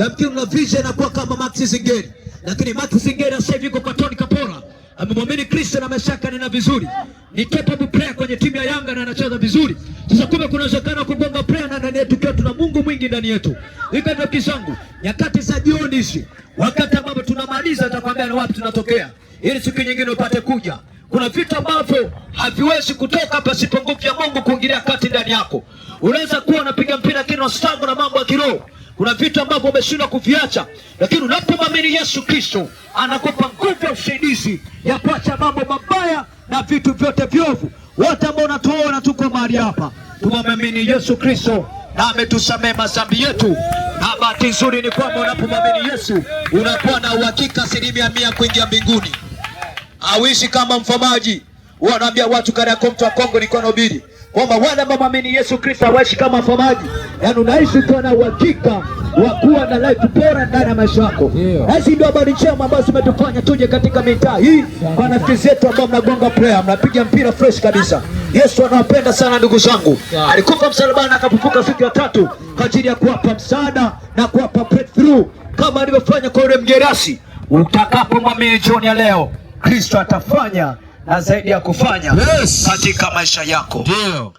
nafikiri una vision kuwa kama Max Zingeri, lakini Max Zingeri sasa hivi yuko katoni kapora, amemwamini Kristo na ameshaka nena vizuri, ni capable player kwenye timu ya Yanga na anacheza vizuri. Sasa kumbe kunawezekana kugonga player na ndani yetu kwa tuna Mungu mwingi ndani yetu. Hivyo ndio kizangu, nyakati za jioni hizi, wakati ambapo tunamaliza, atakwambia na wapi tunatokea, ili siku nyingine upate kuja kuna vitu ambavyo haviwezi kutoka pasipo nguvu ya Mungu kuingilia kati ndani yako. Unaweza kuwa unapiga mpira lakini unastagu na mambo ya kiroho kuna vitu ambavyo umeshindwa kuviacha, lakini unapomwamini Yesu Kristo anakupa nguvu ya usaidizi ya kuacha mambo mabaya na vitu vyote vyovu. Wote ambao unatuona tuko mahali hapa tumwamini Yesu Kristo na ametusamehe madhambi yetu, na bahati nzuri ni kwamba unapomwamini Yesu unakuwa na uhakika asilimia mia kuingia mbinguni. Awishi kama mfamaji, wanaambia watu Kariakoo, mtu wa Kongo, nilikuwa nahubiri kwamba wale ambao waamini Yesu Kristo hawaishi kama wafamaji, yaani unaishi ukiwa na uhakika wa kuwa na life bora ndani ya maisha yako. Hizi ndio habari njema ambazo zimetufanya tuje katika mitaa hii. Marafiki zetu ambao mnagonga prayer, mnapiga mpira fresh kabisa. Yesu anawapenda sana ndugu zangu, alikufa msalabani akafufuka siku ya tatu kwa ajili ya kuwapa msaada na kuwapa breakthrough kama alivyofanya kwa yule mgerasi. Utakapomwamini jioni ya leo, Kristo atafanya na zaidi ya kufanya yes, katika maisha yako. Ndio.